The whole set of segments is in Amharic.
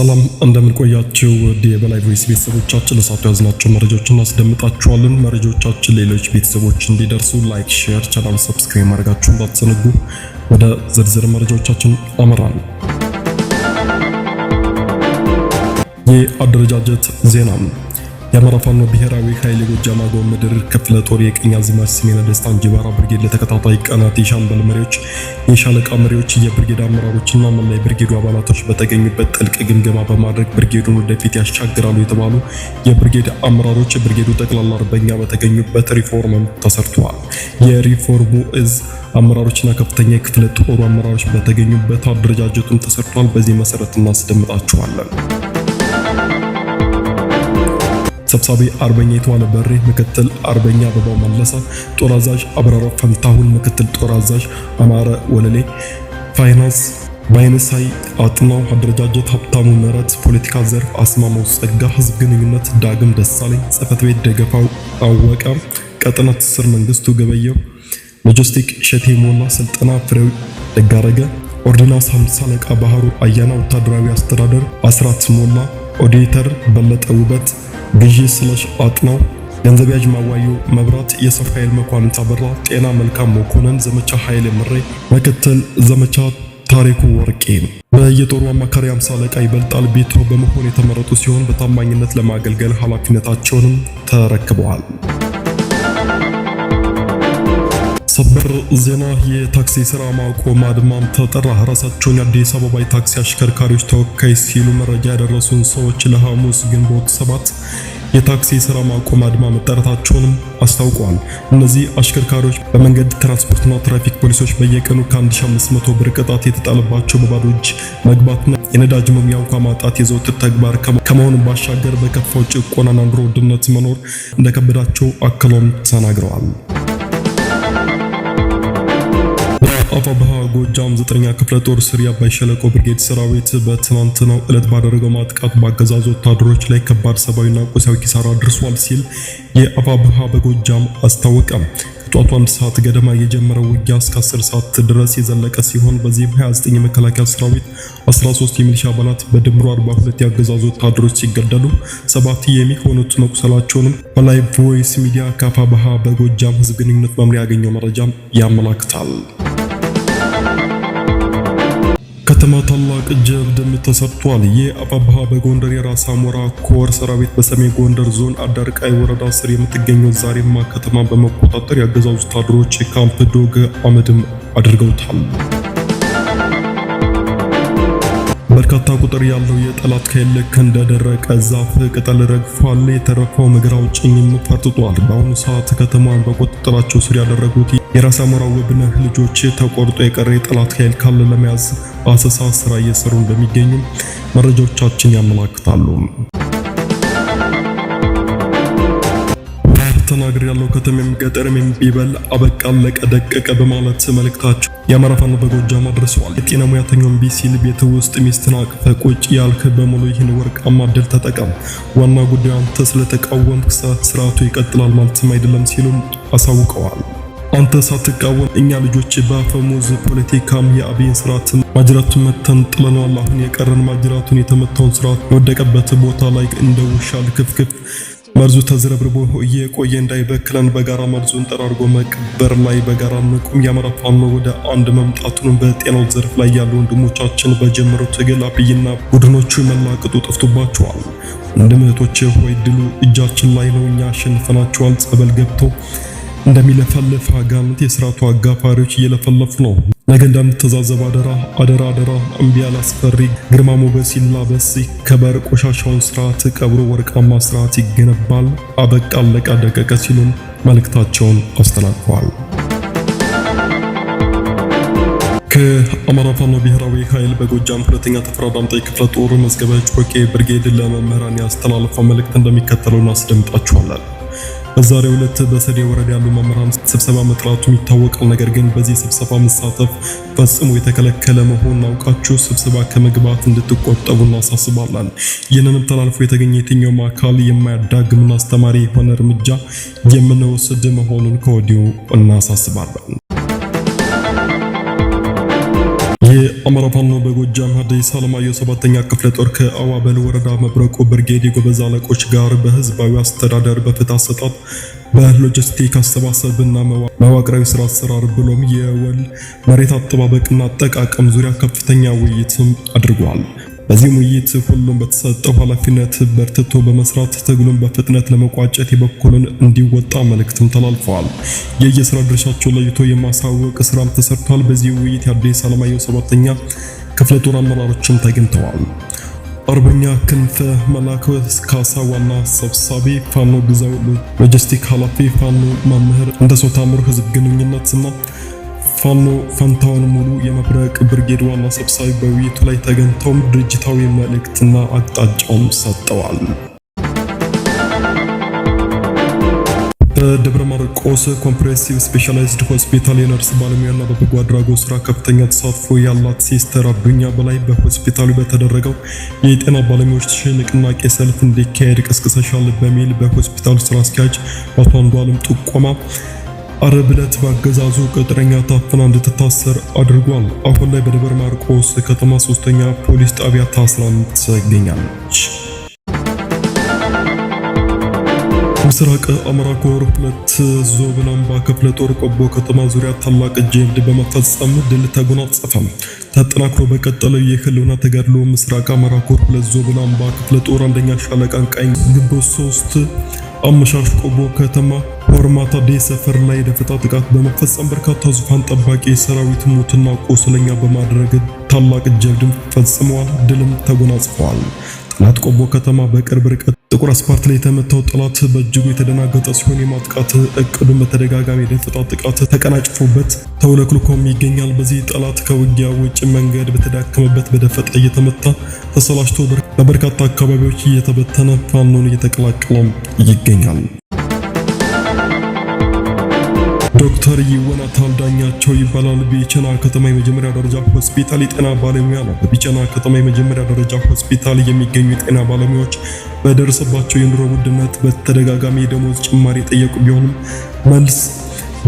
ሰላም እንደምንቆያቸው ቆያችሁ? የበላይ ቮይስ ቤተሰቦቻችን ለሳቱ ያዝናቸው መረጃዎች እናስደምጣችኋለን። መረጃዎቻችን ሌሎች ቤተሰቦች እንዲደርሱ ላይክ፣ ሼር፣ ቻናል ሰብስክራይብ ማድረጋችሁ እንዳትዘነጉ። ወደ ዝርዝር መረጃዎቻችን አመራን። የአደረጃጀት ዜና የአማራ ፋኖ ብሔራዊ ኃይል የጎጃም አገው ምድር ክፍለ ጦር የቀኝ አዝማች ስሜነ ደስታ እንጅባራ ብርጌድ ለተከታታይ ቀናት የሻምበል መሪዎች፣ የሻለቃ መሪዎች፣ የብርጌድ አመራሮችና መላ የብርጌዱ አባላቶች በተገኙበት ጥልቅ ግምገማ በማድረግ ብርጌዱን ወደፊት ያሻግራሉ የተባሉ የብርጌድ አመራሮች፣ የብርጌዱ ጠቅላላ አርበኛ በተገኙበት ሪፎርምም ተሰርተዋል። የሪፎርሙ እዝ አመራሮችና ከፍተኛ የክፍለ ጦሩ አመራሮች በተገኙበት አደረጃጀቱን ተሰርቷል። በዚህ መሰረት እናስደምጣችኋለን። ሰብሳቢ አርበኛ የተዋለ በሬ፣ ምክትል አርበኛ አበባው መለሰ፣ ጦር አዛዥ አብራራ ፈንታሁን! ምክትል ጦር አዛዥ አማረ ወለሌ፣ ፋይናንስ ባይነሳይ አጥናው፣ አደረጃጀት ሀብታሙ ምህረት፣ ፖለቲካ ዘርፍ አስማማው ጸጋ፣ ህዝብ ግንኙነት ዳግም ደሳለኝ፣ ጽህፈት ቤት ደገፋው አወቀ፣ ቀጠና ትስስር መንግስቱ ገበየው፣ ሎጂስቲክ ሸቴ ሞላ፣ ስልጠና ፍሬው ደጋረገ፣ ኦርዲናንስ 50 አለቃ ባህሩ አያና፣ ወታደራዊ አስተዳደር አስራት ሞላ ኦዲተር በለጠ ውበት፣ ግዢ ስለሽ አጥነው። ገንዘብ ያዥ ማዋዩ፣ መብራት የሰው ኃይል መኳንንት አበራ፣ ጤና መልካም መኮንን፣ ዘመቻ ኃይሌ ምሬ፣ ምክትል ዘመቻ ታሪኩ ወርቄ። በየጦሩ አማካሪ አምሳ አለቃ ይበልጣል ቤቶ በመሆን የተመረጡ ሲሆን በታማኝነት ለማገልገል ኃላፊነታቸውንም ተረክበዋል። ሰበር ዜና የታክሲ ስራ ማቆም አድማም ተጠራ። ራሳቸውን የአዲስ አበባ የታክሲ አሽከርካሪዎች ተወካይ ሲሉ መረጃ ያደረሱን ሰዎች ለሐሙስ ግንቦት ሰባት የታክሲ ስራ ማቆም አድማ መጠረታቸውንም አስታውቀዋል። እነዚህ አሽከርካሪዎች በመንገድ ትራንስፖርትና ትራፊክ ፖሊሶች በየቀኑ ከ1500 ብር ቅጣት የተጣለባቸው በባዶ እጅ መግባትና የነዳጅ መሙያ ውሃ ማጣት የዘወትር ተግባር ከመሆኑ ባሻገር በከፋው ጭቆናና ኑሮ ውድነት መኖር እንደከበዳቸው አክሎም ተናግረዋል። አፋብኃ ጎጃም ዘጠነኛ ክፍለ ጦር ስር የአባይ ሸለቆ ብርጌድ ሰራዊት በትናንትናው ዕለት ባደረገው ማጥቃት በአገዛዙ ወታደሮች ላይ ከባድ ሰብአዊና ቁሳዊ ኪሳራ አድርሷል ሲል የአፋብኃ በጎጃም አስታወቀ። ከጧቱ አንድ ሰዓት ገደማ የጀመረው ውጊያ እስከ 10 ሰዓት ድረስ የዘለቀ ሲሆን በዚህም 29 የመከላከያ ሰራዊት፣ 13 የሚሊሻ አባላት በድምሩ 42 የአገዛዙ ወታደሮች ሲገደሉ ሰባት የሚሆኑት መቁሰላቸውንም በላይቭ ቮይስ ሚዲያ ባህ በጎጃም ህዝብ ግንኙነት መምሪያ ያገኘው መረጃም ያመላክታል። ከተማ ታላቅ ጀብድም ተሰርቷል። የአፋብኃ በጎንደር የራስ አሞራ ኮር ሰራዊት በሰሜን ጎንደር ዞን አዳርቃይ ወረዳ ስር የምትገኘው ዛሬማ ከተማ በመቆጣጠር የአገዛዙ ወታደሮች የካምፕ ዶግ አመድም አድርገውታል። በርካታ ቁጥር ያለው የጠላት ኃይል ልክ እንደደረቀ ዛፍ ቅጠል ረግፏል። የተረፈው እግር አውጭኝም ፈርጥጧል። በአሁኑ ሰዓት ከተማን በቁጥጥራቸው ስር ያደረጉት የራስ አሞራው ውብነህ ልጆች ተቆርጦ የቀረ የጠላት ኃይል ካለ ለመያዝ አሰሳ ስራ እየሰሩ እንደሚገኙ መረጃዎቻችን ያመላክታሉ። ተናግር ያለው ከተሜም ገጠርም ቢበል አበቃ አለቀ ደቀቀ በማለት መልእክታቸው የአማራ ፋኖ በጎጃም አድርሰዋል። የጤና ሙያተኛውን ቢሲል ቤት ውስጥ ሚስትን አቅፈ ቁጭ ያልክ በሙሉ ይህን ወርቃማ እድል ተጠቀም፣ ዋና ጉዳዩ አንተ ስለተቃወምክ ስርዓቱ ይቀጥላል ማለትም አይደለም ሲሉም አሳውቀዋል። አንተ ሳትቃወም እኛ ልጆች በአፈሙዝ ፖለቲካም የአብይን ስርዓት ማጅራቱን መተን ጥለነዋል። አሁን የቀረን ማጅራቱን የተመታውን ስርዓት የወደቀበት ቦታ ላይ እንደ ውሻ ልክፍክፍ መርዙ ተዝረብርቦ እየቆየ እንዳይበክለን በጋራ መርዙን ጠራርጎ መቅበር ላይ በጋራ ንቁም። የአማራ ፋኖ ወደ አንድ መምጣቱን በጤናው ዘርፍ ላይ ያሉ ወንድሞቻችን በጀመረው ትግል አብይና ቡድኖቹ መላቅጡ ጠፍቶባቸዋል። ወንድም እህቶቼ ሆይ ድሉ እጃችን ላይ ነው። እኛ አሸንፈናቸዋል። ጸበል ገብቶ እንደሚለፈልፍ አጋንንት የስርዓቱ አጋፋሪዎች እየለፈለፉ ነው። ነገ እንደምትዛዘብ አደራ አደራ አደራ። እምቢ ላስፈሪ አስፈሪ ግርማ ሞገስ ይላበስ ከበር ቆሻሻውን ስርዓት ቀብሮ ወርቃማ ስርዓት ይገነባል። አበቃ፣ አለቀ፣ ደቀቀ ሲሉም መልእክታቸውን አስተላልፈዋል። ከአማራ ፋኖ ብሔራዊ ኃይል በጎጃም ሁለተኛ ተፈራ ዳምጤ ክፍለ ጦር መዝገበ ጮቄ ብርጌድ ለመምህራን ያስተላለፈው መልእክት እንደሚከተለው እናስደምጣችኋለን። በዛሬው ዕለት በሰዴ ወረዳ ያሉ መምህራን ስብሰባ መጥራቱም ይታወቃል። ነገር ግን በዚህ ስብሰባ መሳተፍ ፈጽሞ የተከለከለ መሆን አውቃችሁ ስብሰባ ከመግባት እንድትቆጠቡ እናሳስባለን። ይህንንም ተላልፎ የተገኘ የትኛውም አካል የማያዳግምና አስተማሪ የሆነ እርምጃ የምንወስድ መሆኑን ከወዲሁ እናሳስባለን። የአማራ ፋኖ በጎጃም ሐዲስ ዓለማየሁ ሰባተኛ ክፍለ ጦር ከአዋበል ወረዳ መብረቁ ብርጌድ የጎበዝ አለቆች ጋር በህዝባዊ አስተዳደር በፍትህ አሰጣጥ በሎጂስቲክ አሰባሰብና መዋቅራዊ ስራ አሰራር ብሎም የወል መሬት አጠባበቅና አጠቃቀም ዙሪያ ከፍተኛ ውይይትም አድርጓል። በዚህ ውይይት ሁሉም በተሰጠው ኃላፊነት በርትቶ በመስራት ትግሉን በፍጥነት ለመቋጨት የበኩሉን እንዲወጣ መልእክትም ተላልፈዋል። የየስራ ድርሻቸው ለይቶ የማሳወቅ ስራም ተሰርቷል። በዚህ ውይይት የአዲስ አለማየው ሰባተኛ ክፍለ ጦር አመራሮችም ተገኝተዋል። አርበኛ ክንፈ መላከ ካሳ ዋና ሰብሳቢ፣ ፋኖ ግዛው ሎጂስቲክ ኃላፊ፣ ፋኖ መምህር እንደሰው ታምሩ ህዝብ ግንኙነትና ፋኖ ፈንታውን ሙሉ የመብረቅ ብርጌድ ዋና ሰብሳቢ በውይይቱ ላይ ተገኝተውም ድርጅታዊ መልእክትና አቅጣጫውም ሰጥተዋል። በደብረ ማርቆስ ኮምፕሬሲቭ ስፔሻላይዝድ ሆስፒታል የነርስ ባለሙያና በበጎ አድራጎት ስራ ከፍተኛ ተሳትፎ ያላት ሲስተር አዱኛ በላይ በሆስፒታሉ በተደረገው የጤና ባለሙያዎች ንቅናቄ ሰልፍ እንዲካሄድ ቀስቅሰሻል በሚል በሆስፒታሉ ስራ አስኪያጅ አቶ አንዱ አለም ጥቆማ አረብለት ዕለት በአገዛዙ ቅጥረኛ ታፍና እንድትታሰር አድርጓል። አሁን ላይ በደብረ ማርቆስ ከተማ ሶስተኛ ፖሊስ ጣቢያ ታስራ ትገኛለች። ምስራቅ አማራ ኮር ሁለት ዞብል አምባ ክፍለ ጦር ቆቦ ከተማ ዙሪያ ታላቅ ጀብድ በመፈጸም ድል ተጎናጸፈ። ተጠናክሮ በቀጠለው የህልውና ተጋድሎ ምስራቅ አማራ ኮር ሁለት ዞብል አምባ ክፍለ ጦር አንደኛ ሻለቃን ቀኝ ግንቦት ሶስት አመሻሽ ቆቦ ከተማ ሆርማታ ዴ ሰፈር ላይ የደፈጣ ጥቃት በመፈጸም በርካታ ዙፋን ጠባቂ የሰራዊት ሙትና ቆስለኛ በማድረግ ታላቅ ጀብድም ፈጽመዋል፣ ድልም ተጎናጽፈዋል። ጠላት ቆቦ ከተማ በቅርብ ርቀት ጥቁር አስፓልት ላይ የተመታው ጠላት በእጅጉ የተደናገጠ ሲሆን የማጥቃት እቅዱን በተደጋጋሚ የደፈጣ ጥቃት ተቀናጭፎበት ተውለክልኮም ይገኛል። በዚህ ጠላት ከውጊያ ውጭ መንገድ በተዳከመበት በደፈጣ እየተመታ ተሰላችቶ በበርካታ አካባቢዎች እየተበተነ ፋኖን እየተቀላቀለም ይገኛል። ዶክተር ይወናታል ዳኛቸው ይባላል። በቢቸና ከተማ የመጀመሪያ ደረጃ ሆስፒታል የጤና ባለሙያ ነው። በቢቸና ከተማ የመጀመሪያ ደረጃ ሆስፒታል የሚገኙ የጤና ባለሙያዎች በደረሰባቸው የኑሮ ውድነት በተደጋጋሚ የደሞዝ ጭማሪ የጠየቁ ቢሆንም መልስ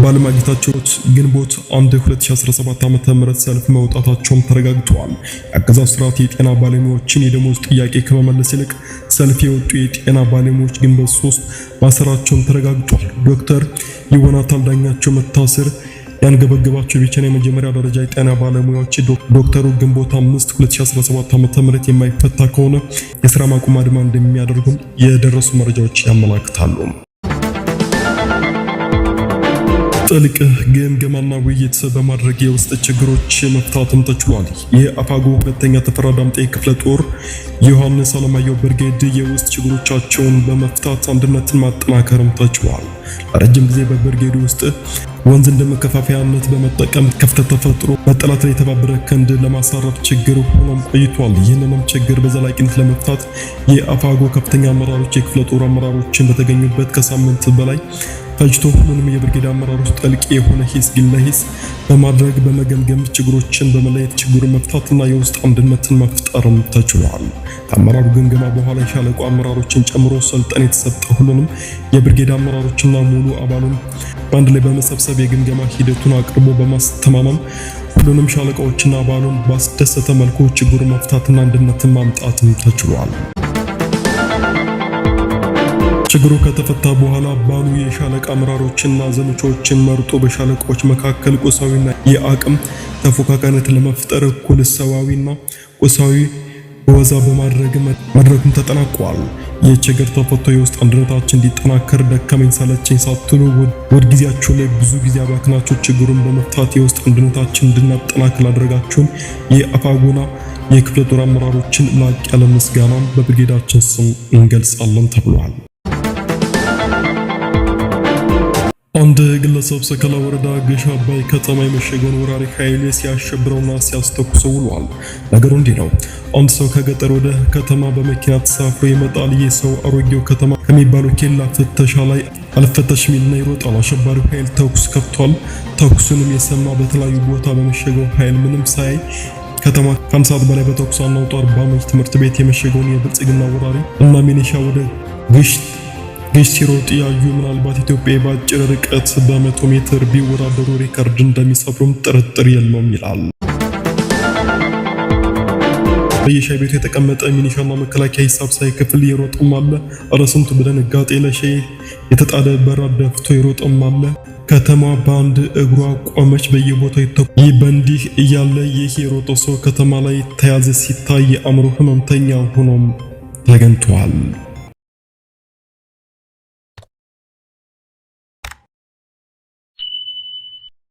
ባለማግኘታቸው ግንቦት 1 2017 ዓ.ም ሰልፍ መውጣታቸውም ተረጋግጠዋል። የአገዛዙ ስርዓት የጤና ባለሙያዎችን የደሞዝ ጥያቄ ከመመለስ ይልቅ ሰልፍ የወጡ የጤና ባለሙያዎች ግንቦት 3 ማሰራቸውም ተረጋግጧል። ዶክተር የዮናታን ዳኛቸው መታሰር ያንገበገባቸው የቢቸና የመጀመሪያ ደረጃ የጤና ባለሙያዎች ዶክተሩ ግንቦት 5 2017 ዓ.ም የማይፈታ ከሆነ የስራ ማቆም አድማ እንደሚያደርጉም የደረሱ መረጃዎች ያመላክታሉ። ጥልቅ ግምገማና ውይይት በማድረግ የውስጥ ችግሮች መፍታትም ተችሏል። የአፋጎ ሁለተኛ ተፈራ ዳምጤ ክፍለ ጦር ዮሐንስ አለማየሁ ብርጌድ የውስጥ ችግሮቻቸውን በመፍታት አንድነትን ማጠናከርም ተችሏል። ለረጅም ጊዜ በብርጌድ ውስጥ ወንዝ እንደ መከፋፈያነት በመጠቀም ክፍተት ተፈጥሮ በጠላት ላይ የተባበረ ክንድ ለማሳረፍ ችግር ሆኖም ቆይቷል። ይህንንም ችግር በዘላቂነት ለመፍታት የአፋጎ ከፍተኛ አመራሮች የክፍለ ጦር አመራሮችን በተገኙበት ከሳምንት በላይ ፈጅቶ ሁሉንም የብርጌድ አመራሮች ጠልቅ የሆነ ሂስ ግለ ሂስ በማድረግ በመገምገም ችግሮችን በመለየት ችግር መፍታትና የውስጥ አንድነትን መፍጠርም ተችሏል። ከአመራሩ ግምገማ በኋላ የሻለቁ አመራሮችን ጨምሮ ሰልጠን የተሰጠ ሁሉንም የብርጌድ አመራሮችና ሙሉ አባሉን በአንድ ላይ በመሰብሰብ የግምገማ ሂደቱን አቅርቦ በማስተማመም ሁሉንም ሻለቃዎችና አባሉን ባስደሰተ መልኩ ችግሩ መፍታትና አንድነትን ማምጣትም ተችሏል። ችግሩ ከተፈታ በኋላ ባሉ የሻለቃ አመራሮችና ዘመቻዎችን መርጦ በሻለቃዎች መካከል ቁሳዊና የአቅም ተፎካካነት ለመፍጠር እኩል ሰዋዊና ቁሳዊ ወዛ በማድረግ መድረኩን ተጠናቋል። ይህ ችግር ተፈቶ የውስጥ አንድነታችን እንዲጠናከር ደከመኝ ሰለቸኝ ሳትሉ ወድ ጊዜያችሁ ላይ ብዙ ጊዜ አባክናችሁ ችግሩን በመፍታት የውስጥ አንድነታችን እንድናጠናክር አድረጋችሁን የአፋጎና የክፍለ ጦር አመራሮችን ላቅ ያለ ምስጋናም በብርጌዳችን ስም እንገልጻለን ተብሏል። አንድ ግለሰብ ሰከላ ወረዳ ገሽ አባይ ከተማ የመሸገውን ወራሪ ኃይል ሲያሸብረውና ሲያስተኩሰው ውሏል። ነገሩ እንዲህ ነው። አንድ ሰው ከገጠር ወደ ከተማ በመኪና ተሳፍሮ ይመጣል። ይህ ሰው አሮጌው ከተማ ከሚባለው ኬላ ፍተሻ ላይ አልፈተሽ ሚልና ይሮጣል። አሸባሪው ኃይል ተኩስ ከፍቷል። ተኩሱንም የሰማ በተለያዩ ቦታ በመሸገው ኃይል ምንም ሳይ ከተማ ከአንድ ሰዓት በላይ በተኩስ አናውጡ አርባ ምንጭ ትምህርት ቤት የመሸገውን የብልጽግና ወራሪ እና ሚኒሻ ወደ ግሽት ገሽ ሲሮጥ ያዩ ምናልባት ኢትዮጵያ በአጭር ርቀት በመቶ ሜትር ቢወዳደሩ ሪከርድ እንደሚሰብሩም ጥርጥር የለውም ይላል። በየሻይ ቤቱ የተቀመጠ ሚኒሻና መከላከያ ሂሳብ ሳይከፍል የሮጠም አለ። ረስንቱ በድንጋጤ ለሻይ የተጣለ በራ ደፍቶ የሮጠም አለ። ከተማ በአንድ እግሯ ቆመች። በየቦታው ይተኩ። ይህ በእንዲህ እያለ ይህ የሮጠ ሰው ከተማ ላይ ተያዘ ሲታይ አእምሮ ህመምተኛ ሆኖም ተገኝቷል።